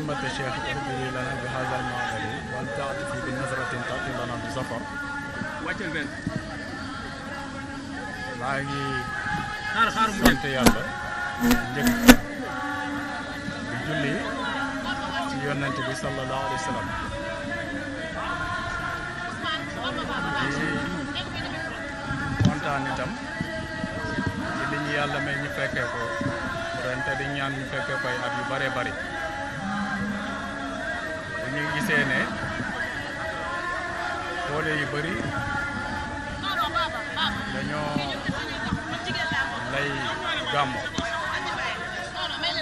himmata cheikh ihbiri lana bi hada almabadi wal taatifi bi nazratin taati lana safar wàccal benn maa ngi xaar xaar mu yàlla njëkk di julli ci yonent bi sallallahu alayhi wa sallam di itam ci li ñu yàlla may ñu fekkee ko ren di ñaan ñu fekkee koy at yu bare bari ñu ngi gisee ne foole yu bëri dañoo lay gàmm mais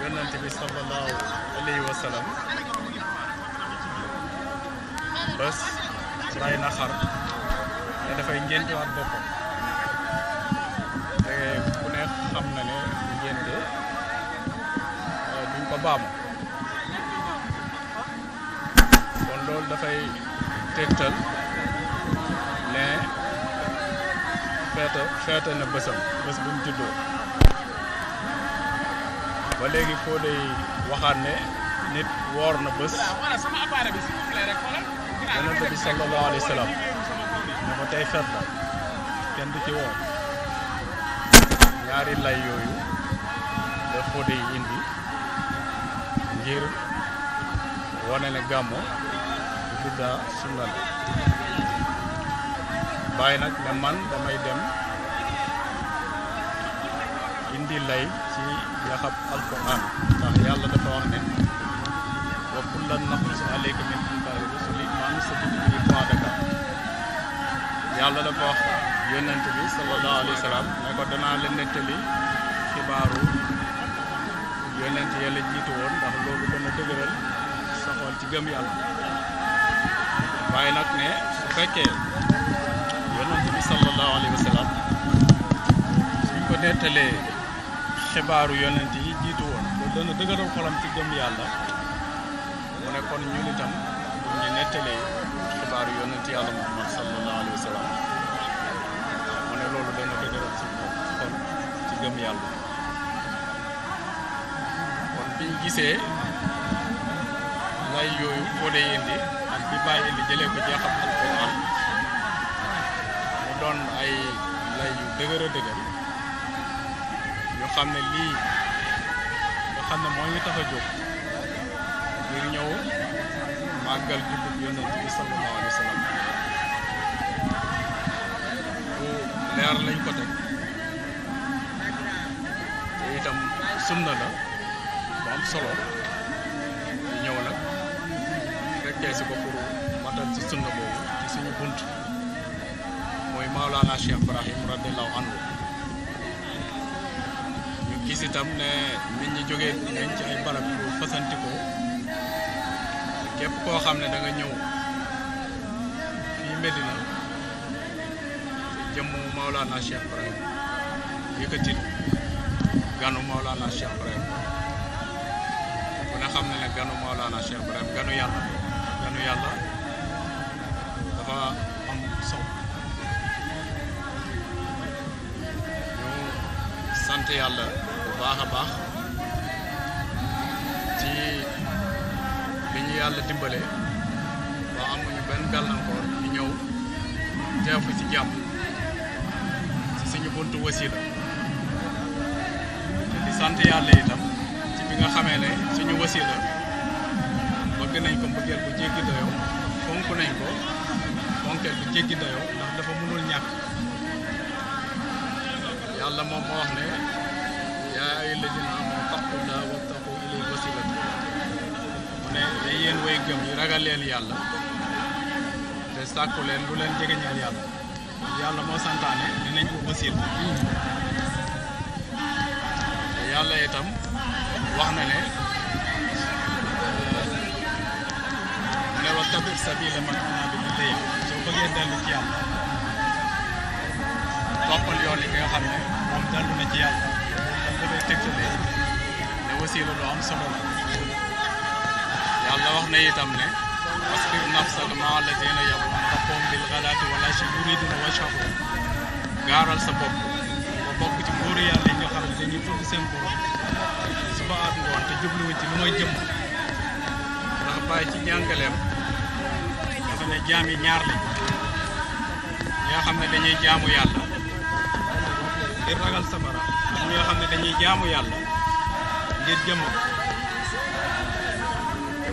yonent bi sallallahu alayhi wa sallam ray na xar te dafay ngéntuwaat boppam te ku ne xam na ne ngénte euh, duñ ko dafay tegtal ne feete feete na bésam bés bu mu juddoo ba léegi foo day waxaat ne nit woor na bés yonent bi sallallahu alayhi wa sallam ne ko tey feet la kenn du ci woor ñaari lay yooyu la foo day indi ngir wane ne gàmmo biddaa sunna la bàyyi nag ne man damay dem indi lay ci yaxab alquran ndax yàlla dafa wax ne wa kullan naqussu alayka min anbaai rusuli maa nusaddiqu bi fuaadaka yàlla dafa wax yonent bi sallallahu alayhi wa sallam ne ko danaa la nettali xibaaru yonent yàlla jiitu woon ndax loolu dana dëgëral sa xol ci gëm waaye nag ne su fekkee yonent bi sallallahu alayhi wa sallam suñ ko nettalee xibaaru yonent yi jiitu woon dana dëgëral xolam ci gëm yàlla mu ne kon ñun itam ñu ngi nettalee xibaaru yonent yàlla muhammad sallallahu alayhi wa sallam mu ne loolu dana dëgëral ci gëm yàlla kon biñ gisee lay yooyu koo dee indi bi bàyyi indi jëlee ko jeexam alquran mu doon ay lay yu dëgër a ñu xam ne lii nga xam ne moo ñu tax a jóg ngir ñëw màggal juddub yonent bi sallallahu alayhi wa bu leer lañ ko teg te itam sunna la bu am solo seet si ko pour matal ci sunna boobu ci suñu bunt mooy Maolana Cheikh Ibrahim radiallahu anhu ñu gis itam ne nit ñi jógee nañ ci ay barab yu fasanti ko képp koo xam ne da nga ñëw fii Medina jëmm Maolana Cheikh Ibrahim yëkkatil ganu Maolana Cheikh Ibrahim ku ne xam ne ne ganu Maolana Cheikh Ibrahim ganu yàlla jaamu yàlla dafa am sow ñu sant yàlla bu baax a baax ci bi ñu yàlla dimbale ba amuñu benn gàllankoor ñu ñëw teefu ci jàmm ci suñu buntu wasila di sant yàlla itam ci bi nga xamee ne suñu wasila bëgg nañ ko mbëggeel bu nañ ko fonkeel bu dafa mënul ñàkk yàlla moom moo wax ne yaa ay ladina amoo taqulaa wattaqu ilay wasilat mu ne day yéen gëm yi ragal yàlla te sàkku leen lu leen jegeñal yàlla yàlla moo santaane dinañ ko wasil yàlla itam wax na ne tabir sabila mag naa bi ñu tey soo bëggee dellu ci yàlla toppal yoon yi nga xam ne moom dellu na ci yàlla moom dafay tegtalee ne wasiila lu am solo la yàlla wax na itam ne wasbir nafsaka ma'a allaziina yad'uuna rabbahum bil ghadaati wal ashiyyi yuriiduuna wajhahu gaaral sa bopp ba bokk ci nguuru yàlla yi nga xam ne dañuy bëgg seen borom suba ak ngoon te jubluwuñ ci lu may jëm ndax bàyyi ci njàngaleem ne jaam yi ñaar xam ne dañuy jaamu yàlla ngir ragal safara ak ñoo xam dañuy jaamu yàlla ngir jëmm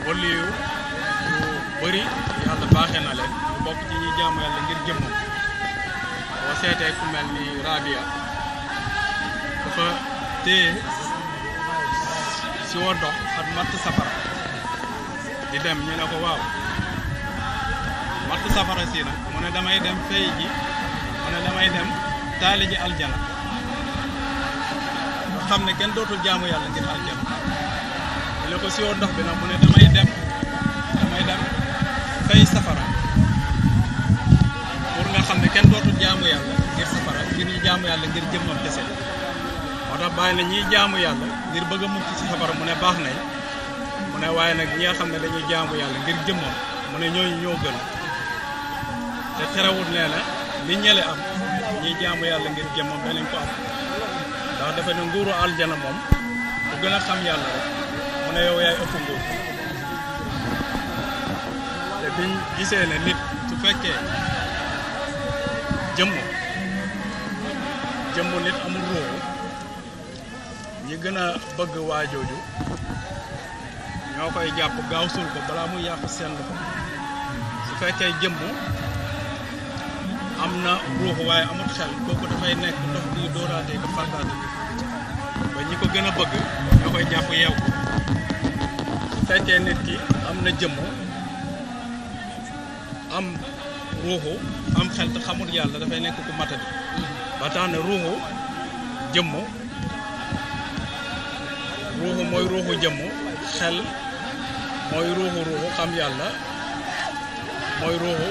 wëllu yu na leen bokk ci ñuy jaamu yàlla ngir jëmm boo seetee ku mel ni Rabia dafa téye si wa dox matt safara di dem ñu ne ko waaw safara si nag mu ne damay dem fay damay dem taali ji aljana xam ne kenn dootul jaamu yàlla ngir aljana mu ne ko si ndox bi nag mu ne damay dem damay safara pour nga xam ne kenn dootul jaamu yàlla ngir safara ngir ñu jaamu yàlla ngir jëmmam kese moo tax bàyyi na ñiy jaamu yàlla ngir bëgg a mucc ci safara mu ne baax nañ mu ne waaye nag ñi nga xam ne dañuy jaamu yàlla ngir jëmmam mu ne ñooñu ñoo gën te terewul nee na li ñële am ñi jaamu yàlla ngir jëmmam danañ ko am ndax dafa ne nguuru aljana moom ku gën a xam yàlla rek mu ne yow yaay ëpp nguur te biñ gisee ne nit su fekkee jëmm jëmm nit amul roowu ñi gën a bëgg waajooju ñoo koy jàpp gaaw suul ko balaa mu yàq seen loxo su fekkee jëmm am na ruux waaye amut xel kooku dafay nekk ndox buy dóoraate ba ñi ko gën a bëgg ñoo koy jàpp yeew ko su fekkee nit ki am na jëmm am ruuxu am xel te xamul yàlla dafay nekk ku matadi ba tax na ruuxu jëmm ruuxu mooy ruuxu jëmm xel mooy ruuxu ruuxu xam yàlla mooy ruuxu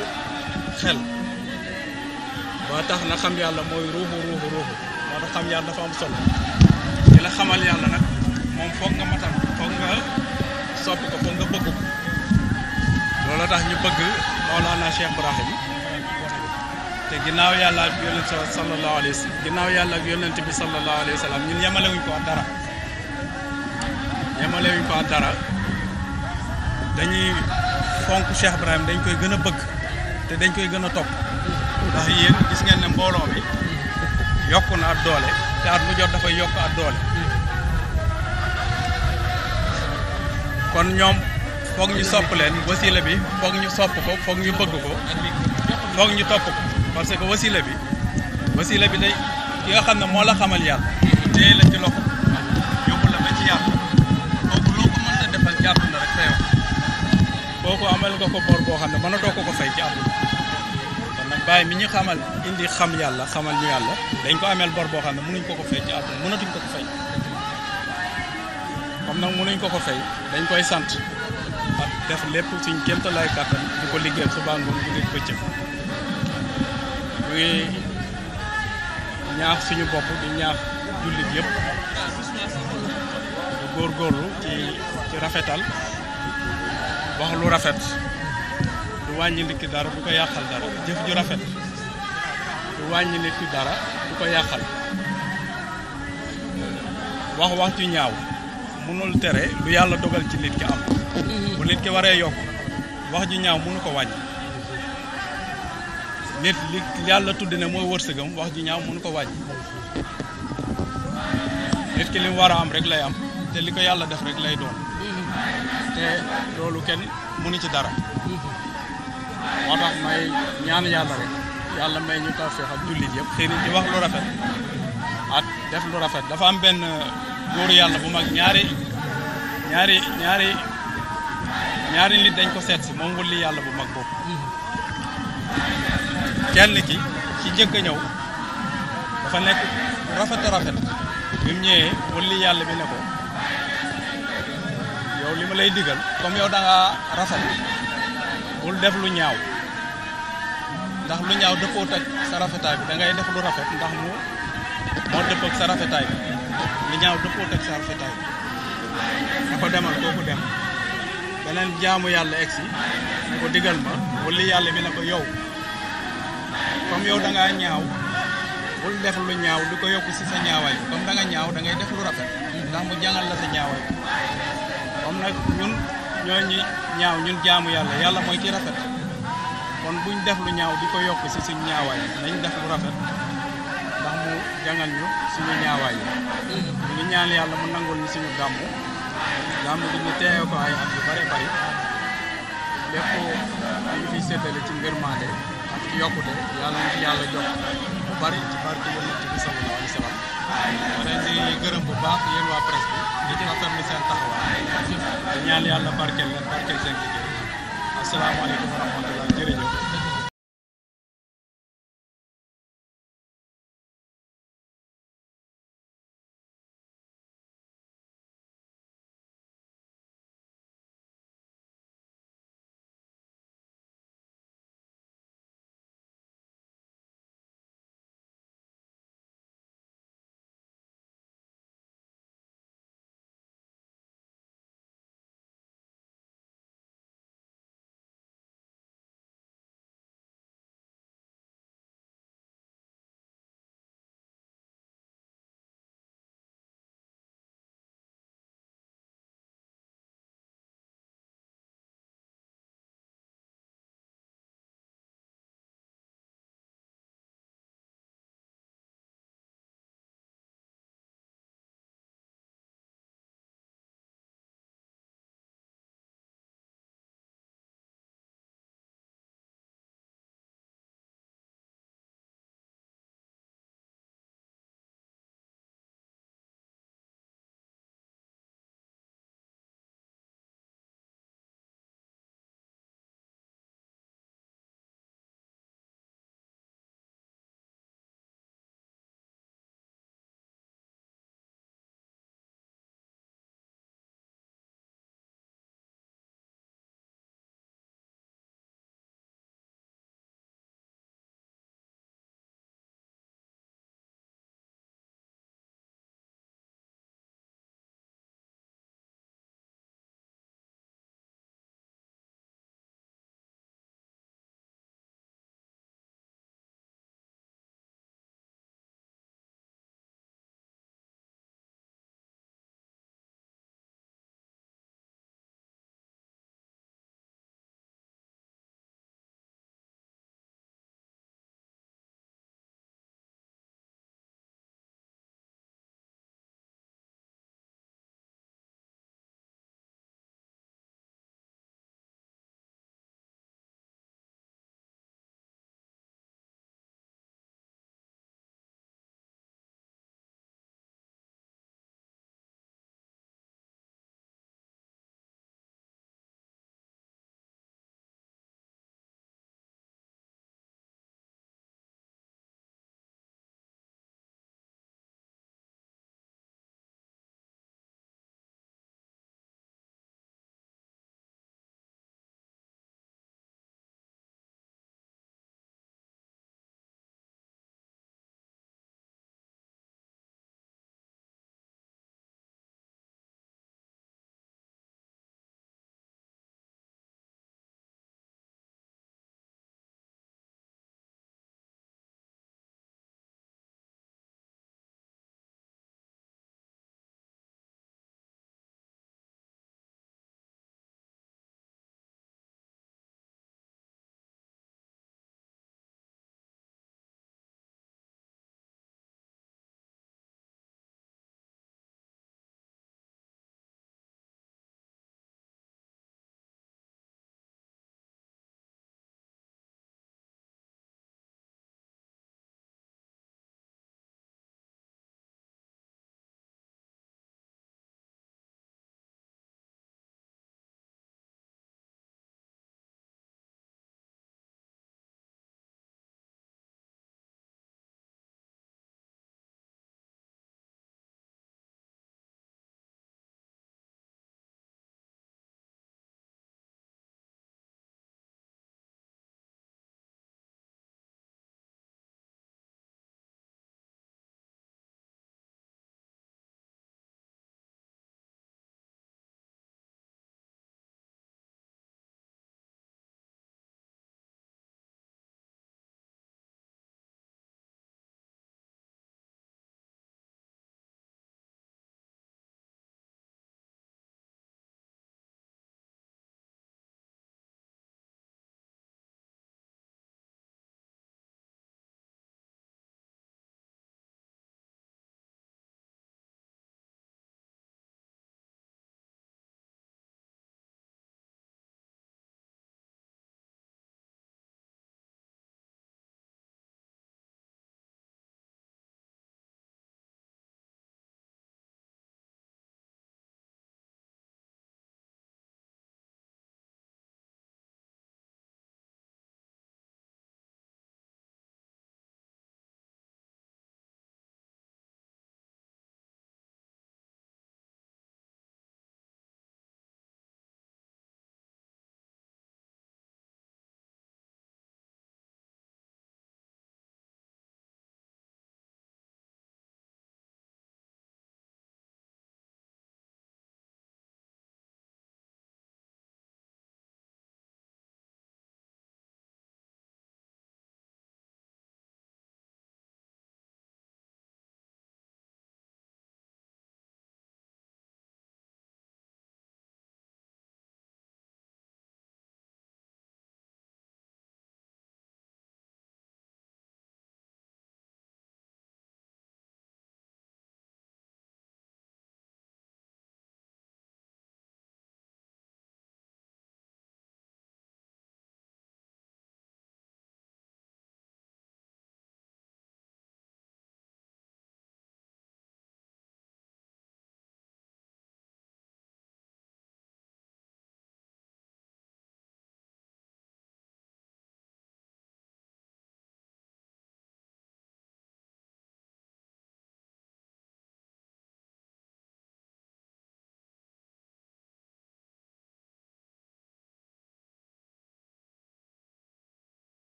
xel ba tax na xam yàlla mooy ruuxu ruuxu moo tax xam yàlla dafa am solo di la xamal yàlla nag moom foog nga matal foog nga sopp ko foog nga bëgg loolu tax ñu bëgg Mawlana Cheikh Ibrahim te ginnaaw yàlla ak yonent ginnaaw yàlla ak yonent bi sallallahu alayhi wa ñun yemalewuñ ko ak dara yemalewuñ ko ak dara dañuy fonk Cheikh Ibrahim dañ koy gën a bëgg te dañ koy gën a topp ndax yéen gis ngeen ne mbooloo mi yokk na ab doole te at mu jot dafay yokk ab doole kon ñoom foog ñu sopp leen wasila bi foog ñu sopp ko foog ñu bëgg ko foog ñu topp ko parce que wasila bi wasila bi day ki nga xam ne moo la xamal yàlla téye la ci loxo yóbbu la ba ci yàlla kooku loo ko mënta defal jàpp na rek feew kooku amal nga ko bor boo xam ne mënatoo ko ko fay ci àdduna bàyyi mi ñu xamal indi xam yàlla xamal ñu yàlla dañ ko ameel bor boo xam ne mënuñ ko ko fay ci àdduna mënatuñ ko ko fay comme nag mënuñ ko ko fay dañ koy sant def lépp suñ kémta lay kàttan di ko liggéey su ngoon guddi bëccëg mu ngi ñaax suñu bopp di ñaax ci ci rafetal wax lu rafet wàññi nit ki dara du ko yàqal dara jëf ju rafet wàññi nit ki dara du ko yàqal wax wax ju ñaaw mënul tere lu yàlla dogal ci nit ki am bu nit ki waree yokk wax ju ñaaw mënu ko wàññi nit li yàlla tudd ne mooy wërsëgam wax ju ñaaw mënu ko wàññi nit ki li mu war a am rek lay am te li ko yàlla def rek lay doon te loolu kenn mënu ci dara moo tax may ñaan yàlla rek yàlla may ñu tawfeex ak jullit yëpp xëy na ci wax lu rafet ak def lu rafet dafa am benn góor yàlla bu mag ñaari ñaari ñaari ñaari nit dañ ko seet si moom wulli yàlla bu mag boobu kenn ki ci jëkk a ñëw dafa nekk rafet rafet bi mu wulli yàlla bi ne ko yow li ma lay digal comme yow da nga rafet bul def lu ñaaw ndax lu ñaaw dëppoot ak sa rafetaay bi dangay def lu rafet ndax mu moo dëppoog sa rafetaay bi lu ñaaw dëppoot ak sa rafetaay bi da ko demal kooku dem beneen jaamu yàlla egsi mu ko digal ma wala yàlla mi ne ko yow comme yow da ngaa ñaaw bul def lu ñaaw di ko yokk si sa ñaawaay comme da nga ñaaw da ngay def lu rafet ndax mu jàngal la sa ñaawaay comme nag ñun ñoo ñi ñaaw ñun jaamu yàlla yàlla mooy ki rafet kon buñ def lu ñaaw bi ko yokk si suñ ñaawaay nañ def lu rafet ndax mu jàngal ñu suñu ñaawaay yi ñu ngi yàlla mu nangul ñu suñu gàmmu gàmmu gi ñu teewe ko ay at yu bare bari lépp ñu fiy séddale ci ngërmaande ak ci yokkute yàlla ñu fi yàlla jox bu bari ci barke yonent bi sallallahu alayhi wa sallam ma leen di gërëm bu baax yéen waa presse bi di rafetlu seen taxawaay di ñaan yàlla barkeel leen barkeel seen liggéey asalaamaaleykum wa rahmatulah jërëjëf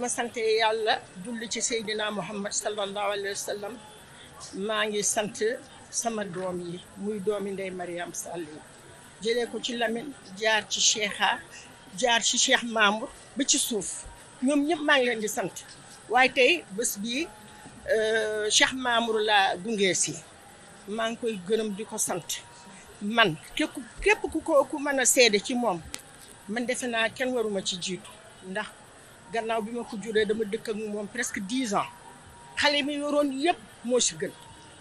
bi sante yàlla julli ci Seydina Muhammad sallallahu alayhi wa sallam maa ngi sant sama doom yi muy doomi ndey Mariam Sall yi jëlee ko ci Lamine jaar ci Cheikha jaar ci Cheikh Mamour ba ci suuf ñoom ñëpp maa ngi leen di sant waaye tey bés bii euh, Cheikh Mamour laa gungee si maa ngi koy gërëm di ko man képp képp ku ko ku mën a seede ci moom man defe naa waruma ci jiitu ndax gannaaw bi ma ko juree dama dëkk ak moom presque dix ans xale mi yoroon yëpp moo ci gën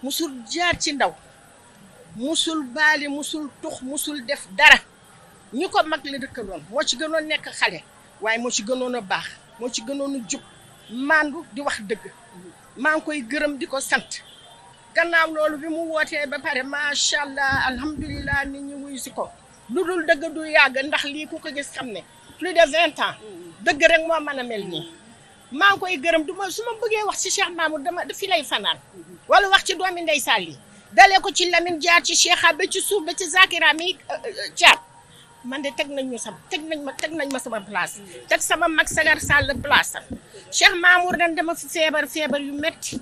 musul jaar ci ndaw musul baali musul tux musul def dara ñi ko mag la dëkkaloon moo ci gënoon nekk xale waaye moo ci gënoon a baax moo ci gënoon a jub maandu di wax dëgg maa ngi koy gërëm di ko sant gannaaw loolu bi mu wootee ba pare macha allah alhamdulilah nit ñi wuyu si ko lu dul dëgg du yàgg ndax lii ku ko gis xam ne plus de vingt ans dëgg rek moo mën a mel nii maa ngi koy gërëm du ma su ma bëggee wax ci Cheikh Mamour dama fi lay fanaan wala wax ci doomi Ndeye Sall yi dalee ko ci Lamine jaar ci Cheikh ba ci suuf ba ci Zakira mi caat euh, euh, man de teg nañ ñu sama teg nañ ma teg nañ ma sama place teg sama mag Sagar Sall place am Cheikh da dañ dama fi feebar feebar yu metti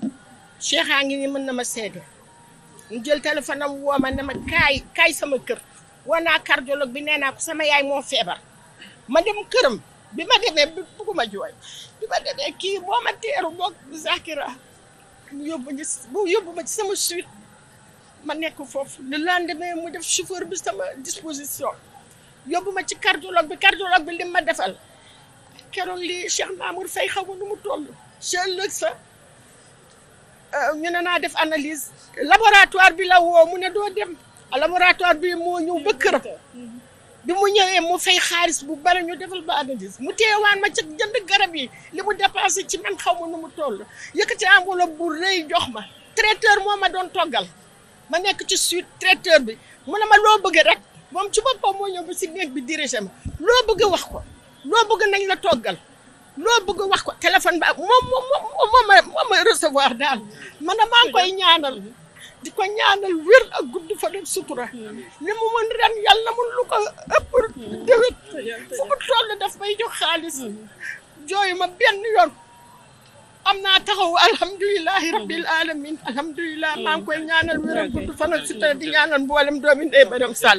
Cheikh a ngi ni mën na ma seede ñu jël téléphone woo ma ne ma kaay kaay sama kër woo naa cardiologue bi nee naa ko sama yaay moo feebar ma dem këram. bi ma demee bugguma jooy bi ma demee kii moo ma teeru boog Zakira mu yóbbu ñu mu yóbbu ma ci sama suite ma nekk foofu le lendemain mu def chauffeur bi sama disposition yóbbu ma ci cardiologue bi cardiologue bi lim ma defal keroog lii Cheikh Mamour fay xaw ma nu mu toll ci ëllëg sa ñu ne naa def analyse laboratoire bi la woo mu ne doo dem laboratoire bi moo ñëw ba këram mm-hmm. bi mu ñëwee mu fay xaalis bu bari ñu defal ba analyse mu teewaan ma ci jënd garab yi li mu dépensé ci man xaw ma nu mu toll yëkkati enveloppe bu rëy jox ma traiteur moom ma doon toggal ma nekk ci suite traiteur bi mu ne ma loo bëgg rek moom ci boppam moo ñëw ba si néeg bi dirigé ma loo bëgg wax ko loo bëgg nañ la toggal loo bëgg wax ko téléphone ba moom moom moom moo ma moo ma recevoir daal man maa ngi koy ñaanal di ko ñaanal wér a gudd fa dem sutura li mu mën ren yàlla na mën lu ko ëpp déwét fu mu toll daf may jox xaalis jooyu ma benn yoon am naa taxaw alhamdulilahi rabbil alamin alhamdulilah maa ngi koy ñaanal wér ak gudd fan ak sutura di ñaanal mboolem doomi ndey Mariam Sall